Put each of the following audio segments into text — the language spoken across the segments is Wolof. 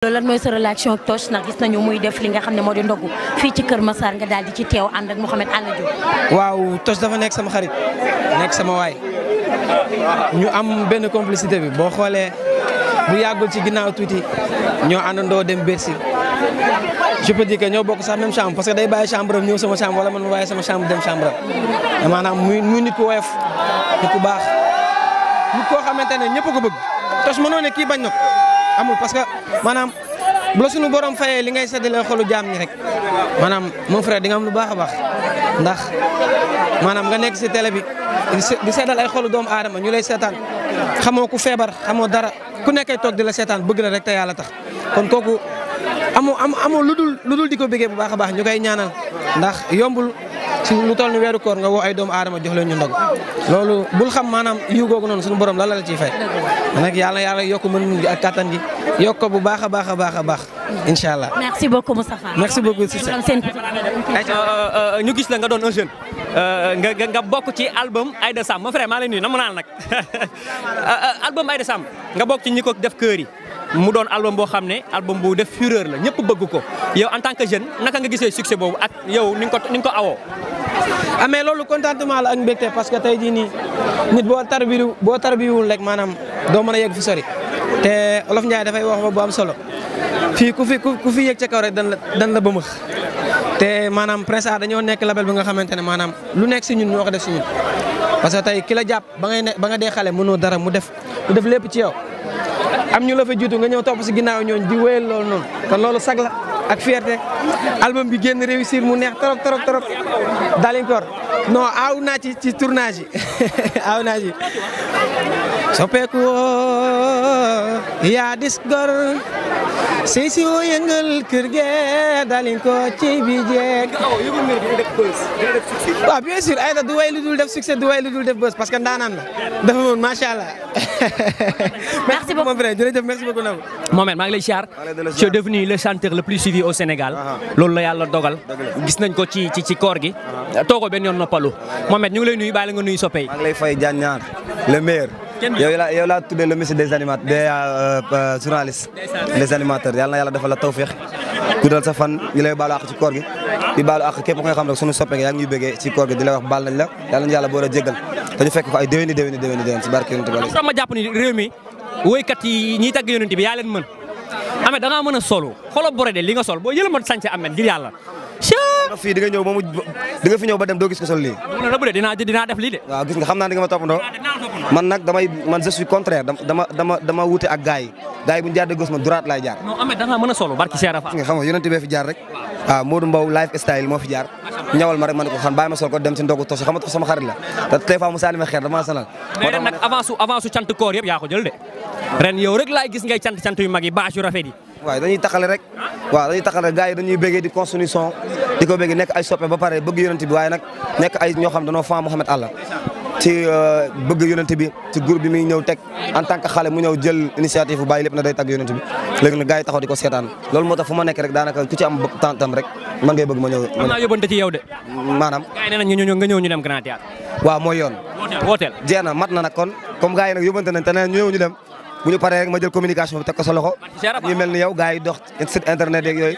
loolu lan mooy sa relation ak Toch na gis nañu muy def li nga xam ne moo di ndogu fii ci Kër Massar nga daal di ci teew ànd ak Mouhamed Alla waaw Toch dafa nekk sama xarit nekk sama waay ñu am benn complicité bi boo xoolee bu yàggul ci ginnaaw tuuti ñoo àndandoo dem Bercy je peux dire ñoo bokk sax même chambre parce que day bàyyi chambre am ñëw sama chambre wala man ma bàyyi sama chambre dem chambre am maanaam muy muy nit ku woyof nit ku baax nit koo xamante ne ñëpp ko bëgg Toch mënoo ne kii amul parce que maanaam bu la suñu borom fayee li ngay séddalee xolu jaam ñi rek maanaam mon frère di nga am lu baax a baax ndax maanaam nga nekk si télé bi di seddal ay xolu doomu aadama ñu lay seetaan xamoo ku feebar xamoo dara ku nekkee toog di la seetaan bëgg la rek te yàlla tax kon kooku amoo amoo lu dul lu dul di ko bëggee bu baax a baax ñu koy ñaanal ndax yombul. si lu toll ni weeru nga woo ay doomu aadama jox leen ñu loolu bul xam maanaam yiw googu noonu suñu borom lan la la ciy fay nag yàlla yàlla yokk mën ak kattan gi yokk ko bu baax a baax a baax a baax incha allah merci beaucoup Moustapha merci beaucoup Cissé euh, euh, ñu gis la nga doon un jeune euh, nga nga bokk ci album Aïda Samb ma frère maa leen nuyu na mu naan nag album Aïda sam nga bokk ci ñi ko def kër yi mu doon album boo xam ne album bu def fureur la ñëpp bëgg ko yow en tant que jeune naka nga gisee succès boobu ak yow ni nga ko ni nga awoo amee ah, loolu contentement la ak mbégte parce que tey jii nii nit boo tarbiyu boo tarbiwul rek maanaam doo man a yegg fu sori te olof Ndiaye dafay wax ba bu am solo fii ku fi ku fi yëg ca kaw rek dan la dan la bëmëx te maanaam Prince Art dañoo nekk label bi nga xamante ne maanaam lu nekk si ñun ñoo ko def si ñun parce que tey ki la jàpp ba ngay ne ba nga dee xale mënoo dara mu def mu def lépp ci yow am ñu la fa jiitu nga ñëw topp si ginnaaw ñooñ di wéyal loolu noonu kon loolu sag ak fierté album bi génn réussir mu neex trop trop trop daal encore non aaw naa ci ci tournage yi yaa dis gor sëy si woo yëngal kër ge dalin ko ci bi jeeg waaw bien sûr Aida du way lu dul def succès du way lu dul def bës parce que ndaanaan la dafa moon macha allah merci beaucoup mon frère jërëjëf merci beaucoup Nabou Mohamed maa ngi lay siyaar tu es devenu le chanteur le plus suivi au Sénégal loolu la yàlla dogal gis nañ ko ci ci ci koor gi toogoo benn yoon noppalu Mohamed ñu ngi lay nuyu bàyyi la nga nuyu soppey maa ngi lay fay jànnaar le meilleur yow la yow laa tuddee le monsieur des euh, euh, animateurs des journalistes des animateurs yàlla defal la tawféex guddal sa fan ñu lay baalu àq ci koor sunu soppe nga yaa ngi ñuy bëggee ci koor gi di la wax baal nañ la yàlla nañu yàlla boole jéggal te ñu fekk ko ay déwéni déwéni déwéni déwéni si barke yonent bi sax ma jàpp ni réew mi woykat yi ñiy tàgg yonent bi yaa leen mën ame da ngaa mën a solu xolo boré de li nga sol boo fi ñëw ba dem doo gis ko sol lii man nag damay man contraire dama dama wute ak gars yi bu ñu de gos man droite laay jaar. non Ameth da mën a solo barki Serap. nga xam nga yonent bee fi jaar rek waaw ah, Modou Mbow ma man ko ma sol ko dem si ndogu tos xam nga tos sama xarit la te tey faa mu saali ma xeer dama sanal. mais ren nag avance avance su gis ngay cant cant yu mag yi bâche yu rafet yi. waaw dañuy taxale rek waaw dañuy taxale gars yi dañuy béggee di construction di ko béggee nekk ay soppe ba pare bi waaye nag nekk ay ñoo xam dañoo fan Mouhamed Allah ci euh, bëgg yonente bi ci groupe bi muy ñëw teg en xale mu ñëw jël initiative bu bàyyi lépp day tag yonente bi léegi nag gars yi di ko seetaan loolu moo tax fu ma nekk rek daanaka ku ci am tantam rek man ngay bëgg ma ñëw. mën ñëw ñu dem Grand Théâtre. waaw mooy yoon. jeex na mat na nag kon comme gars yi nag yóbbante ñëw ñu dem bu ñu paree rek ma jël communication bi teg ko sa loxo ñu mel ni yow gars yi internet yooyu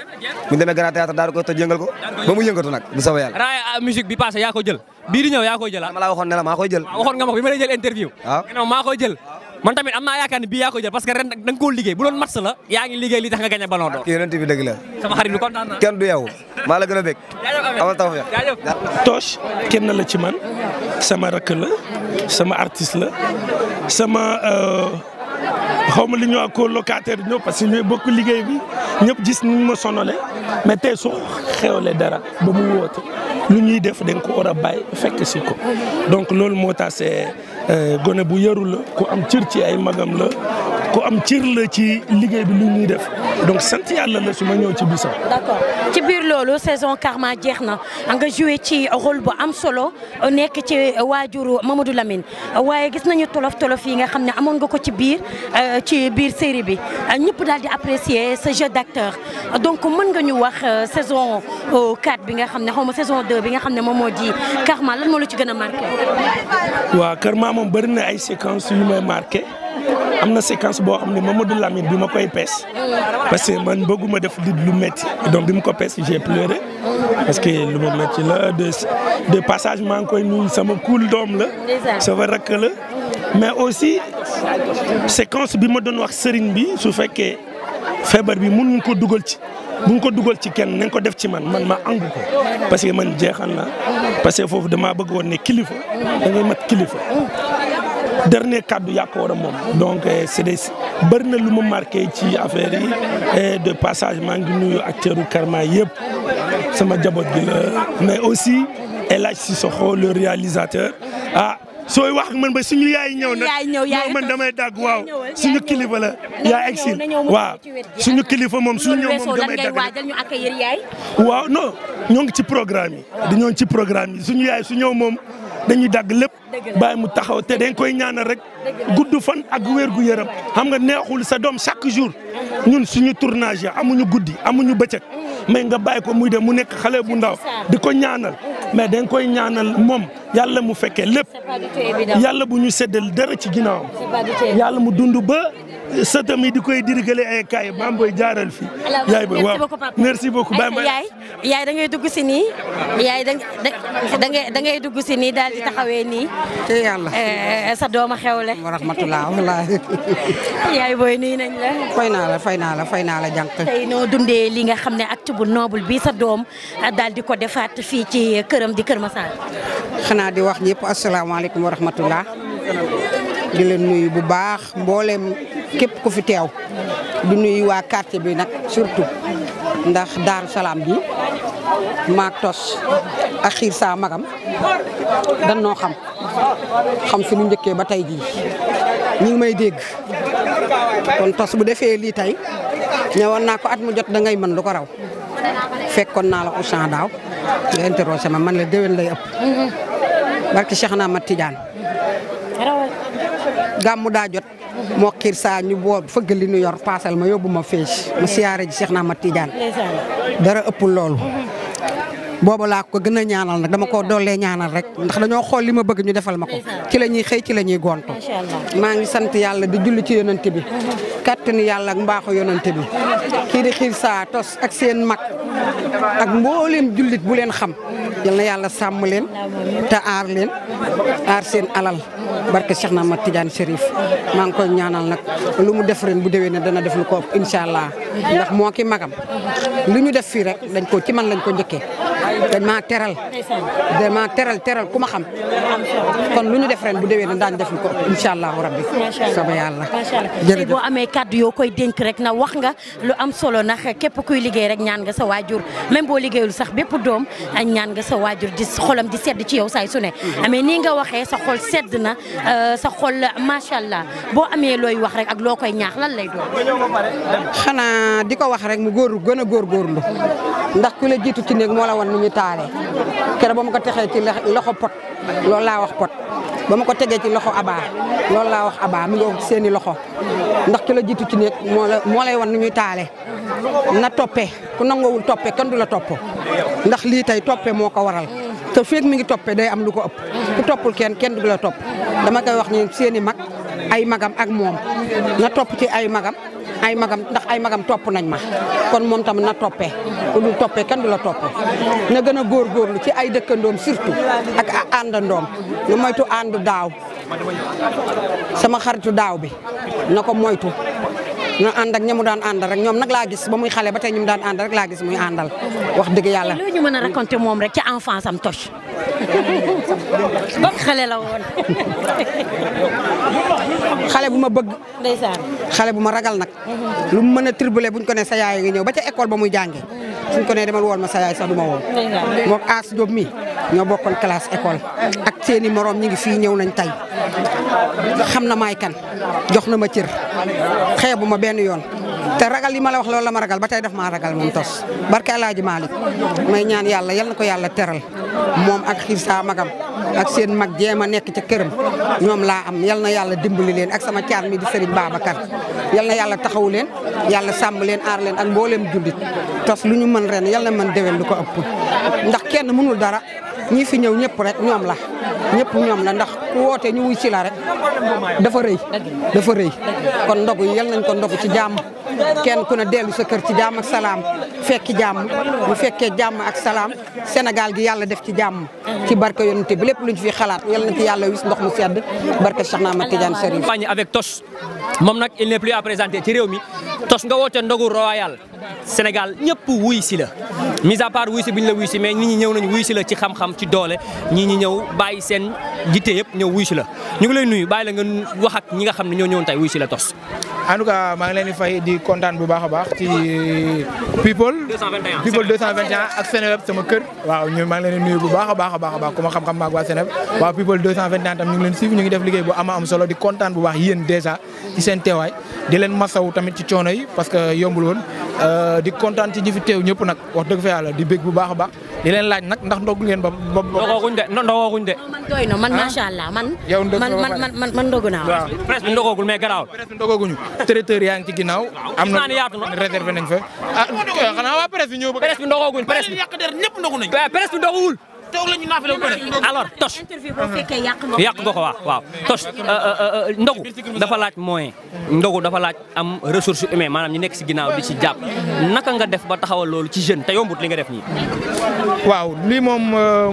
bu ñu demee grand théâtre daal di ko toj yëngal ko ba mu yëngatu nag bu soobee raaya musique bi passé yaa jël bii di ñëw yaa koy jël dama laa waxoon ne la maa koy jël ah, nga ma bi ma jël interview waaw ah. maa jël man tamit am naa yaakaar ne bii jël parce que ren da nga koo liggéey la yaa ngi liggéey li tax nga gagné ballon d'or a xaw ma li ñu ak locataire ñëw parce que ñooy bokk liggéey bi ñëpp gis ni ma sonole mais tey su xewle dara ba mu woote lu ñuy def da nga ko a bàyyi fekk si ko donc loolu moo tax euh, gone bu yaru la ku am cër ci ay magam la ku am cër la ci liggéey bi lu ñuy def donc sant yàlla la su ma ñëw ci bisam. d'accord ci biir loolu saison Karma jeex na nga joué ci rôle bu am solo nekk ci waajuru Mamadou Lamine waaye gis nañu tolof tolof yi nga xam ne amoon nga ko ci biir euh, ci biir série bi ñëpp daal di apprécier ce jeu d'acteur donc mën nga ñu wax euh, saison 4 euh, bi nga xam ne xaw ma saison 2 bi nga xam ne moom moo di Karma lan moo la ci gën a marqué. waaw Karma moom bëri na ay séquences yu may marqué. am na séquence boo xam ne Mamadou Lamine bi ma koy pees parce que man bëgguma def di lu métti donc bi mu ko pees j'ai pleuré parce que lu ma métti la de de passage maa ngi koy nuyu sama kuul doom la sama rakk la mais aussi séquence bi ma doon wax sëriñ bi su fekkee feebar bi mun ko dugal ci bu ko dugal ci kenn nañ ko def ci man man ma angu ko parce que man jeexal na parce que foofu damaa bëgg woon ne kilifa da mat kilifa dernier kaddu yaa ko moom donc euh, c'est des bëri na lu ma marqué ci affaire yi et de passage maa ngi nuyu acteur u Karma yëpp sama jaboot gi euh, mais aussi El Hadj Sissoko le réalisateur ah sooy wax man ba suñu yaay ñëw nag ñëw man damay dagg waaw suñu kilifa la yaa si waaw suñu kilifa moom suñu ñëw moom damay dagg waaw non ñoo ngi ci programme yi dañoo ngi ci programme yi suñu yaay su ñëw moom da dañuy dagg lépp bàyyi mu taxaw te dañ koy ñaanal rek gudd fan ak wér gu yaram xam nga neexul sa doom chaque jour ñun suñu tournage amuñu guddi amuñu bëccëg mais nga bàyyi ko muy dem mu nekk xale bu ndaw di ko ñaanal mais dañ koy ñaanal moom yàlla mu fekkee lépp yàlla bu ñu séddal dara ci ginnaawam mu dund ba. sëtam yi di koy dirigale ay kaay maam booy jaaral fi yaay booy waaw merci beaucoup papa yaay yaay da ngay dugg si nii yaay da ngay da ngay dugg si nii daal di taxawee nii te yàlla eh, eh, eh, sa dooma xewle wa rahmatullah wallaahi yaay booy nuyu nañ la fay naa la fay naa la fay naa la jànq tey noo dundee li nga xam ne acte bu noble bi sa doom ah, daal di ko defaat fii ci këram di Kër Massar xanaa di wax ñëpp asalaamaaleykum wa rahmatullah di leen nuyu bu baax mboolem képp ku fi teew du nuyu waa quartier bi nag surtout ndax daar Salaam bi maak tos ak xiir saa magam dan noo xam xam su nu njëkkee ba tey jii ñu ngi may dégg kon tos bu defee lii tey ñëwoon naa at mu jot da ngay mën lu ko raw fekkoon naa la Auchan daaw nga interrogé ma man la déwén lay ëpp mm-hmm. barke Cheikh naa ma Tidiane gàmmu daa jot moo kiir saa ñu boo fëgg li ñu yor paasal ma yóbbu ma feej mu siyaare ji Cheikh Ahmad Tidiane dara ëppul loolu boobu laa ko gën a ñaanal nag dama ko doolee ñaanal rek ndax dañoo xool li ma bëgg ñu defal ma ko ci la ñuy xëy ci la ñuy gontu maa ngi sant yàlla di julli ci yonante bi kattani yàlla ak mbaaxoo yonante bi kii di xiir saa ak seen mag ak mbooleem jullit bu leen xam yal yàlla sàmm leen te aar leen aar seen alal barke Cheikh naa ma Tidiane Chérif maa ngi koy ñaanal nag lu mu def reen bu dewee ne dana def lu ko incha allah ndax moo ki magam lu ñu def fii rek dañ ko ci man lañ ko njëkkee dañ maa teral dañ maa teral teral ku ma xam kon lu ñu def ren bu dewee déwénee daañu def ko incha allahu rabbi sama yàlla jërëjëf boo amee kàddu yoo koy dénk rek na wax nga lu am solo ndax képp kuy liggéey rek ñaan nga sa waajur même boo liggéeyul sax bépp doom ñaan nga sa waajur di xolam di sedd ci yow saay su ne mm-hmm. amee nii nga waxee sa xol sedd na euh, sa xol macha allah boo amee looy wax rek ak loo koy ñaax lan lay doon xanaa di ko wax rek mu góor gën a góorgóorlu taalee kere ba ma ko texee ci loxo pot loolu laa wax pot ba ma ko tegee ci loxo abaa loolu laa wax abaa mi ngi seeni seen loxo ndax ki la jiitu ci nekk moo moo lay wan nu ñuy taalee na toppee ku nangoowul toppee kenn du la topp ndax lii tey toppee moo ko waral te feek mi ngi toppee day am lu ko ëpp toppul kenn kenn du la topp dama koy wax ni seeni mag ay magam ak moom na topp ci ay magam ay magam ndax ay magam topp nañ ma kon moom tam na toppe ku dul toppee kenn du la toppee na gën a góor góorgóorlu ci ay dëkkandoom surtout ak àndandoom lu moytu àndu daaw sama xaritu daaw bi na ko moytu ñu ànd ak ña mu daan àndal rek ñoom nag laa gis ba muy xale ba tey ñu mu daan àndal rek laa gis muy àndal wax dëgg yàlla. lu ñu mën a raconter moom rek ci enfance am Toch. ban xale la woon. xale bu ma bëgg. ndeysaan xale bu ma ragal nag. lu mu mën a bu buñ ko ne sa yaay nga ñëw ba ca école ba muy jàngee. suñ ko nee demal woon ma sa yaay sax du ma woon mook As Diop mi ñoo bokkoon classe école ak seeni moroom ñi ngi fii ñëw nañ tey xam na maay kan jox na ma cër xeebu ma benn yoon te ragal yi ma la wax loolu la ma ragal ba tey daf maa ragal moom tos barke Alaaji Maalik may ñaan yàlla yal ko yàlla teral moom ak xiir saa magam ak seen mag jéem a nekk ca këram ñoom laa am yal na yàlla dimbali leen ak sama caar mi di seriñ Babacar yal na yàlla taxawu yàlla sàmm leen aar leen ak mbooleem jullit tas lu ñu mën ren yàlla man déwén lu ko ëpp ndax kenn mënul dara ñi fi ñëw ñëpp rek ñoom la ñëpp ñoom la ndax ku woote ñu wuy si rek dafa rëy dafa rëy kon ndogu yi yal nañ ko ndogu ci jàmm kenn ku ne dellu sa kër ci jàmm ak salaam fekki jàmm bu fekkee jàmm ak salaam Sénégal gi yàlla def ci jàmm ci barke yonente bi lépp luñ fi xalaat yal ci yàlla wis ndox mu sedd barke a Ahmad Tidiane Chérif avec Toch moom nag il n'est plus à ci réew mi tos nga woote ndogu royal Sénégal ñëpp wuy si la mise à part wuy si bi ñu la wuy si mais nit ñi ñëw nañ wuy si la ci xam-xam ci doole ñii ñi ñëw bàyyi seen jitte yëpp ñëw wuy si la ñu ngi lay nuyu bàyyi la nga wax ak ñi nga xam ne ñoo ñëwoon tey wuy si la tos en tout cas ngi leen di fay di kontaan bu baax a baax ci people. 221 people 221 ak Seneweb sama kër. waaw ñu maa ngi leen di nuyu bu baax a baax a baax ku ma xam-xam maag waa Seneweb waaw people 221 tam ñu ngi leen suivre ñu ngi def liggéey bu ama am solo di kontaan bu baax yéen dèjà ci seen teewaay di leen masaw tamit ci coono yi parce que yombul woon euh, di kontaan ci ñi fi teew ñëpp nag wax dëgg fa yàlla di bég bu baax a baax di leen laaj nag ndax ndogu ngeen ba ba. man macha ah? allah man. yow ndogu man man man ndogu naa. waaw presque ndogoogul mais garaawul. presque traiteur yaa ngi ci ginnaaw. am na réservé nañ fa. ah euh, xanaa waa presse bi ñëw ba. presse bi ndoxaguñ presse bi yàq der ñëpp ndoxu nañ. presse bi ndoxuwul. toog la ñu naafale ba pare. alors tos yàq nga ko waaw waaw tos euh, euh, ndogu dafa laaj moyen. ndogu dafa laaj am ressource humaine maanaam ñu nekk si ginnaaw di si jàpp naka nga def ba taxawal loolu ci jeune te yombut li nga def nii. waaw lii moom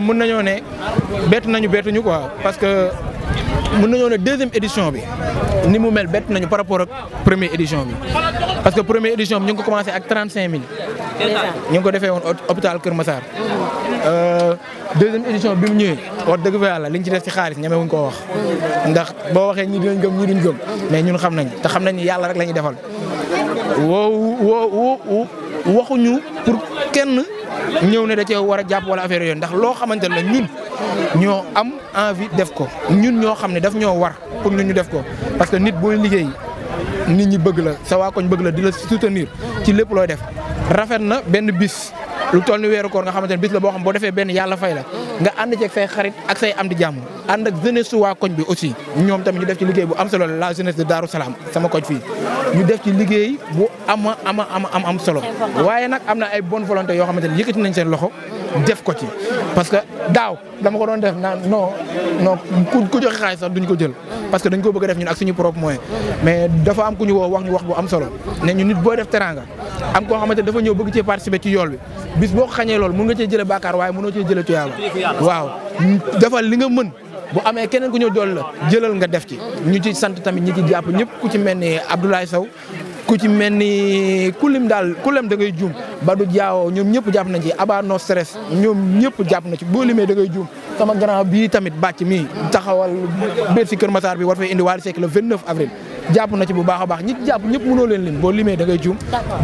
mën nañoo ne bett nañu bettuñu quoi parce que. mën nañoo ne deuxième édition bi ni mu mel bett nañu par rapport ak première bi parce que première édition bi ñu ngi ko commencé ak 35000. ñu ngi ko defee woon hôpital Kër Massar. Euh, deuxième édition bi mu ñëwee wax dëgg fa yàlla li ci def ci xaalis ñemewuñ koo wax ndax boo waxee ñi dinañ gëm ñi duñ gëm mais ñun xam nañ te xam nañ ni yàlla rek la ñuy defal woo woo waxuñu pour kenn. ñëw ne da cee war a jàpp wala affaire yooyu ndax loo xamante ne ñun ñoo am envi def ko ñun ñoo xam ne daf ñoo war pour ñu def ko parce que nit booy liggéey nit ñi bëgg la sa koñ bëgg la di la soutenir ci lépp looy def rafet na benn bis lu toll ni weeru koor nga xamante ne bis la boo xam boo defee benn yàlla fay la nga ànd ceeg say xarit ak say am di jàmm ànd ak jeunesse su waa koñ bi aussi ñoom tamit ñu def ci liggéey bu am solo la jeunesse de Darou sama koñ fii ñu def ci liggéey bu ama ama am am solo waaye nag am na ay bonne volonté yoo xamante ne yëkkati nañ seen loxo def ko ci parce que daaw dama ko doon def naan non non ku joxe xaalis sax duñ ko jël parce que dañ ko bëgg a def ñun ak suñu propre moyen mais dafa am ku ñu wax ñu wax bu am solo ne ñu nit boo def teranga am koo xamante dafa ñëw bëgg cee participer ci yool bi bis boo ko xañee loolu mun nga cee jële bàkkaar waaye mënoo cee jële tuyaaba waaw defal li nga mën bu amee keneen ku ñëw dool la jëlal nga def ci ñu ci sant tamit ñu ci jàpp ñëpp ku ci mel ni Abdoulaye saw ku ci mel ni ku lim daal ku lim da ngay juum ba du jaawoo ñoom ñëpp jàpp nañ ci aba no stress ñoom ñëpp jàpp na ci boo limee da ngay juum sama grand bii tamit bàcc mi taxawal biir si Kër bi war fay indi Wally Seck le 29 avril jàpp na ci bu baax a baax ñi jàpp ñëpp mënoo leen lim boo limee da ngay juum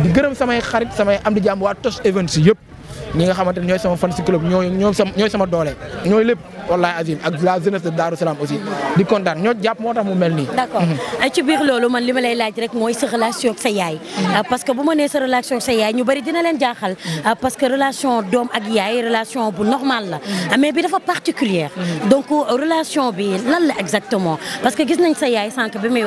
di gërëm samay xarit samay am di jàmm waa Tos Events yëpp ñi nga xamante ñooy sama fan si ñooy sama doole ñooy lépp wallahi azim ak la jeunesse de Darou aussi di kontaan ñoo jàpp moo tax mu mel nii. d'accord mhm. ci biir loolu man li ma lay laaj rek mooy sa relation ak sa yaay. Mhm. parce que bu ma nee sa relation sa yaay ñu bari dina leen jaaxal. Mhm. Ah, parce que relation doom ak yaay relation bu normale la. Ah, mais bi dafa particulière donc euh, relation bi lan exactement parce que gis nañ sa yaay sànq bi muy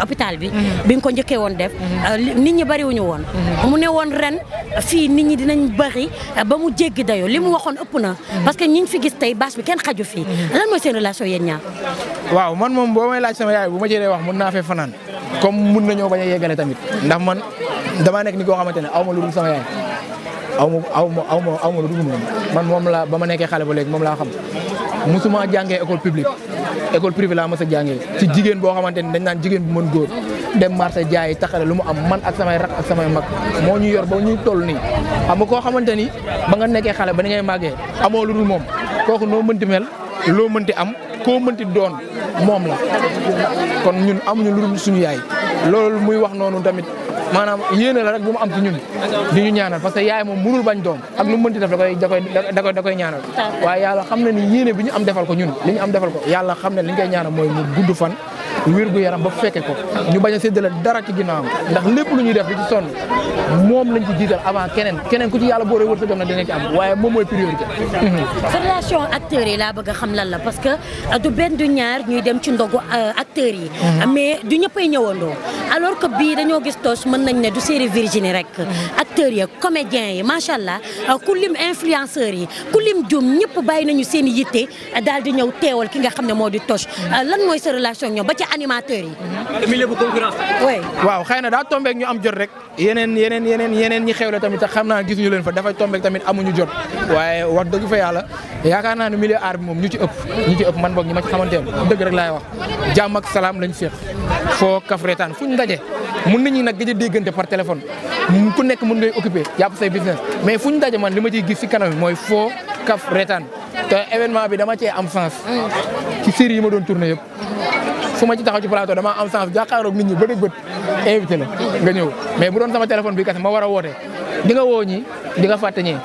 wax hôpital bi mhm. bi ko njëkkee woon def mhm. euh, nit ñi bariwuñu woon mhm. mu ne woon ren fii nit ñi dinañ bari euh, ba mu jéggi dayoo li mu waxoon ëpp na parce que ñiñ fi gis tey bâche bi kenn xaju fii lan mooy seen relation yéen ñaar waaw man moom boo may laaj sama yaay bu ma wax mën naa fee fanaan comme mun nañoo bañ a yeggale tamit ndax man damaa nekk ni koo xamante ne aw ma lu dul sama yaay aw ma aw ma aw ma aw ma lu dul moom man moom la ba ma nekkee xale ba léegi moom laa xam musuma jàngee école école privée laa mës a jàngee ci jigéen boo xamante ni dañ naan jigéen bu mën góor dem marché jaayi taxale lu mu am man ak samay rak ak samay mag moo ñu yor ba ñu toll nii xam nga koo xamante ni ba nga nekkee xale ba ni ngay màggee amoo lu dul moom kooku noo mënti mel loo mënti am koo mënti doon moom la kon ñun amuñu lu dul suñu yaay muy wax noonu tamit maanaam yéene la rek bu mu am ci ñun di ñu ñaanal parce que yaay moom mënul bañ doom ak lu mu mënti def da koy ñaanal waaye yàlla xam na ni yéene bi ñu am defal ko ñun li ñu am defal ko yàlla xam ne li ñu koy ñaanal mooy mu gudd fan wér gu yaram ba fekke ko ñu bañ a séddale dara ci ginnaawam ndax lépp lu ñuy def di ci sonn moom lañ ci jiital avant keneen keneen ku ci yàlla boole wërsëgam na dina ci am waaye moom mooy priorité. sa yi laa bëgg xam lan la parce que euh, du benn du ñaar ñuy dem ci ndogu euh, acteurs yi. Mhm. mais du ñëppay ñëwandoo alors que bii dañoo gis Toch mën nañ ne du série Virginie rek. Mhm. acteurs yi comédiens yi macha allah euh, ku lim yi ku lim jum ñëpp bàyyi nañu seen i yitte daal di ñëw teewal ki nga xam ne moo di Toch mhm. lan mooy sa relation ñoom ba ci animateurs yi. milieu bu concurrence. waaw xay na daa tombeek ñu am jot rek yeneen yeneen yeneen yeneen ñi xewle tamit xam naa gis ñu leen fa dafay tombeek tamit amuñu jot waaye wax dëgg fa yàlla yaakaar naa ne milieu art bi moom ñu ci ëpp ñu ëpp man boog ñi ma ci xamanteel dëgg rek laay wax jàmm ak salaam lañ seeq foo kaf reetaan fuñ ndaje mun nañu nag gëj a déggante par téléphone ku nekk mun ngay occupé jàpp say business mais fuñ ndaje man li ma gis si kanam mooy foo kaf reetaan te événement bi dama cee am sens mm. ci série yi ma doon tourné yëpp fu ma ci taxaw ci plateau damaa am chance jàkkaaroog nit ñi bët ak bët invité la mais bu doon sama téléphone bi kese ma war a woote di nga woo di nga fàtte ñi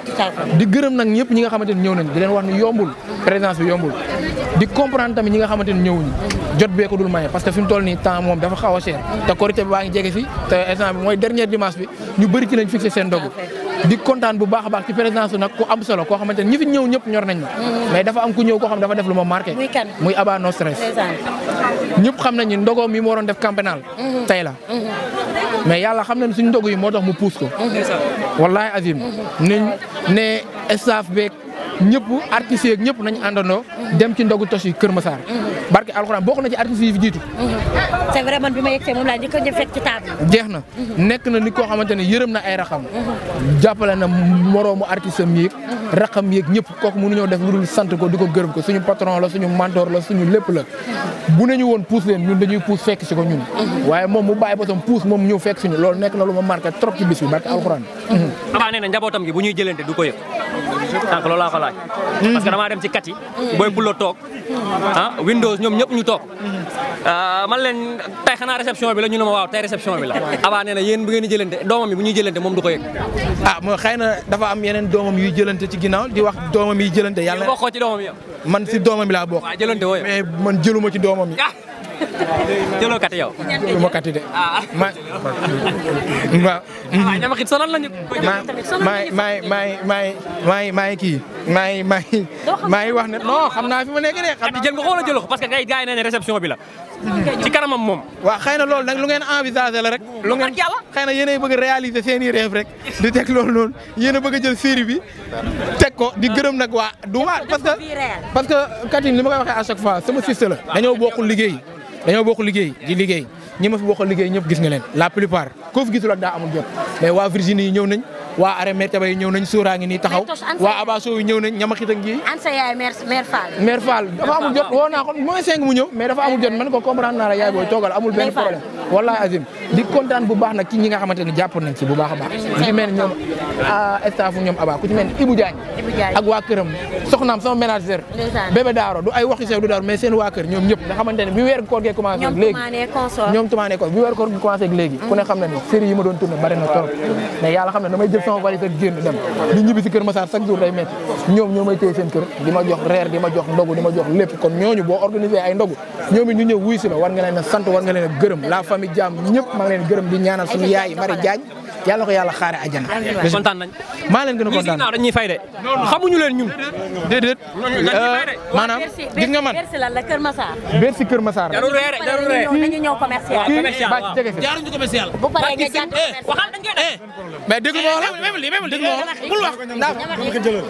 di gërëm nag ñëpp ñi nga xamante ni ñëw nañ di leen ni yombul présence bi ñi jot bee ko dul maye parce que fi toll nii temps moom dafa xaw a cher te korité bi baa ngi jege si te instant mooy dernier dimanche bi ñu bëri ci lañ seen dogu di kontaan bu baax a baax ci présidence nag ku am solo koo xamante ne ñi fi ñëw ñëpp ñor nañ ma mais dafa am ku ñëw koo xam dafa def lu ma marqué muy Aba No ñëpp xam nañu ndogoom yi mu waroon def campénal mm-hmm. tey mm-hmm. mais yàlla xam na ne ndog yi moo tax mu puus ko wallaahi azim mm-hmm. niñ ne staff beeg ñëpp artistes yeeg ñëpp nañu àndandoo. dem ci ndogu tos Kër Massar. Mhm. barke alxuraan bokk na ci artistes yi jiitu. Mhm. c'est vrai bi ma yegsee moom laa njëkk a fekk ci na mhm. nekk na ni koo xamante ne yërëm na ay raxam. jàppale na moroomu artistes am yéeg. raxam yéeg ñëpp kooku mënuñoo def lu dul sant ko di ko gërëm ko suñu patron la suñu mentor la suñu woon puus leen ñun dañuy ko ñun. waaye moom mu bàyyi bosom puus moom ñëw fekk si ñu loolu nekk na lu ma marqué trop ci bis bi barke alxuraan. Abaa nee na njabootam gi bu ñuy jëlante du ko yëg. laaj. parce que damaa dem ci kat yi. booy pulo toog. ah Windows ñoom ñëpp ñu toog. Ah, man leen xanaa réception bi la ñu ne ma waaw tey réception bi la. abaa nee na yéen bu di jëlante doomam yi bu ñuy jëlante moom du ko yëg. ah mooy xëy na dafa am yeneen doomam yuy jëlante ci ginnaaw di wax doomam yi jëlante yàlla. bokkoo ci doomam jëloo kati yow. du ah. ma kati de. ma waaw. waaw ñama xit sonal nañu. maa maa maa maa maa kii maa maa maa wax ne non xam naa fi ma nekk de. xam naa jël nga ko wala jëloo ko parce que gars yi nee nañ réception bi la. ci kanamam moom. waaw xëy na loolu nag lu ngeen envisagé la rek. lu ngeen xëy na yéen a bëgg a réaliser seen i rêve rek. di teg loolu noonu yéen a bëgg a jël série bi teg ko di gërëm nag waa du waa parce que parce que Katim li ma koy waxee à chaque fois sama sister la. dañoo bokkul liggéey dañoo bokk liggéey di liggéey ñi ma fi bokk liggéey ñëpp gis nga leen la plupart koo fi gisul ak daa amul jot waa Virginie yi ñëw waa are mère Thiaba yi ñëw nañ Sora ngi nii taxaw waa Abasso yi ñëw nañ ñama xit a ngi ansa yaay dafa amul jot woo naa ko moins cinq mu ñëw mais dafa amul jot man ko comprendre naa la yaay booy ah. toogal amul benn wallahi azim di kontaan bu baax nag ci ñi nga xamante ne jàpp nañ ci bu baax baax ku ci mel ñoom ah, staffu ñoom Aba ku ci mel Ibou waa këram soxnaam sama ménagère bébé daaro du ay waxi sew du daaru mais seen waa kër ñoom ñëpp xam ne mm. ne sama valise ak génn dem di ñibbi si Kër Massar chaque jour day métti ñoom ñoo may téye seen kër di ma jox reer di ma jox ndogu di ma jox lépp kon ñooñu boo organisé ay ndogu ñoom it ñu ñëw wuy si la war nga leen sant war nga leen a gërëm la famille Diam ñëpp maa ngi leen gërëm di ñaanal suñu yaay Marie Diagne yàlla ko yàlla xaare àjjana. kontaan nañ maa leen gën a kontaan ñii dañuy fay de. xamuñu leen ñun. déedéet euh, maanaam gis nga man Bercy la Kër Massar. Bercy Kër Massar. jarul reere jarul reere dañu ñëw commercial. commercial waaw jaaruñu commercial. bu paree nga jàpp waxal da ngeen eh, mais dégg nga wala dégg nga wala bul wax.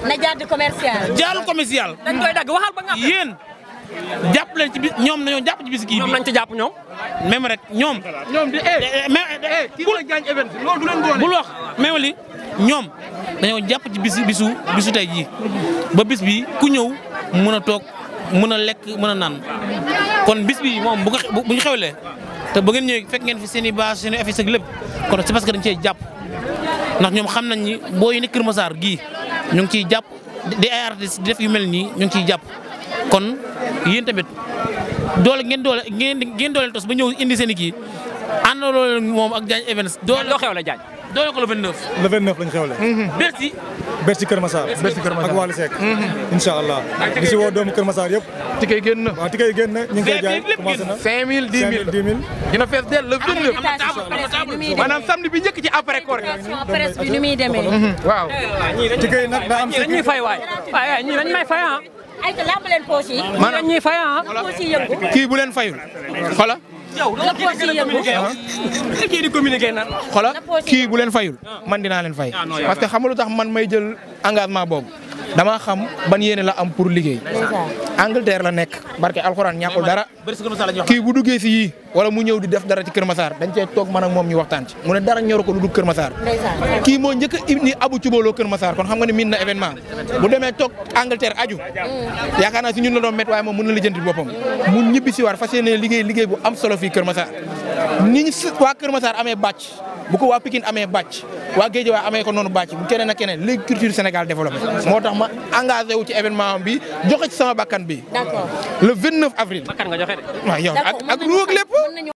na jàdd commercial. jaarul commercial. dañ waxal ba nga jàpp leen ci bis ñoom dañoo jàpp ci bis kii bi ñoom ci jàpp ñoom. même rek ñoom. ñoom di eh. eh mais eh, eh, kii la jaañ wax même li ñoom dañoo jàpp ci bis bisu bisu tey jii ba bis bi ku ñëw mën a toog mën a lekk mën a naan kon bis bi moom bu ko bu ñu xewlee te ba ngeen ñëwee fekk ngeen fi seen i bâche seen i lépp kon c'est parce que dañ cee jàpp ndax ñoom xam nañ ni boo yi Kër Massar gii ñu ngi ciy jàpp di ay artistes di def yu mel nii ñu ngi ciy jàpp. kon yéen tamit doole ngeen doole ngeen ngeen ba ñëw indi seen i moom ak Diagne Events. doole loo xewle Diagne. doole ko le 29. le 29 lañ xewle. Mm-hmm. Bercy. Kër Massar. ak Wally Seck. Mm-hmm. di si woo doomu Kër Massar yëpp. tike yi génn na waaw tike yi génn na ñu ngi koy jaay commencé na 5000 10000 10000. dina fees dell le 29. bi njëkk ci après koor gi. bi ni muy demee. waaw. tike yi nag daa am. ñii dañ ñuy fay waay waaye ñii dañ may fay ah. ay te làmb leen ah. bu leen fayul xola yow kii di communiqué nan kii bu leen fayul man dinaa leen fay ah, parce que xam nga lu tax man may jël engagement boobu. damaa xam ban yéene la am pour liggéey. Angleterre la nekk barke alxuraan ñàkkul dara. kii bu duggee si yii wala mu ñëw di def dara ci Kër Massar dañ cee toog man ak moom ñu waxtaan mu ne dara ñoru ko lu dul Kër Massar. kii moo njëkk a indi abu cubaloo Kër Massar kon xam nga ne miin na événement bu demee toog Angleterre aju. Mm. yaakaar naa si ñun la doon métti waaye moom mën na lijjanti boppam. mu ñibbi si waat fas yéene liggéey liggéey bu am solo fii Kër Massar ni ñu waa Kër Massar amee bàcc bu waa Pikine amee bàcc waa Guédiawaye amee ko noonu bu keneen ak keneen léegi culture Sénégal développé moo tax ma engagé wu ci événement bi joxe ci sama bakkan bi. d'accord le 29 avril. bakkan nga joxe de. waaw yow ak ak ruug lépp.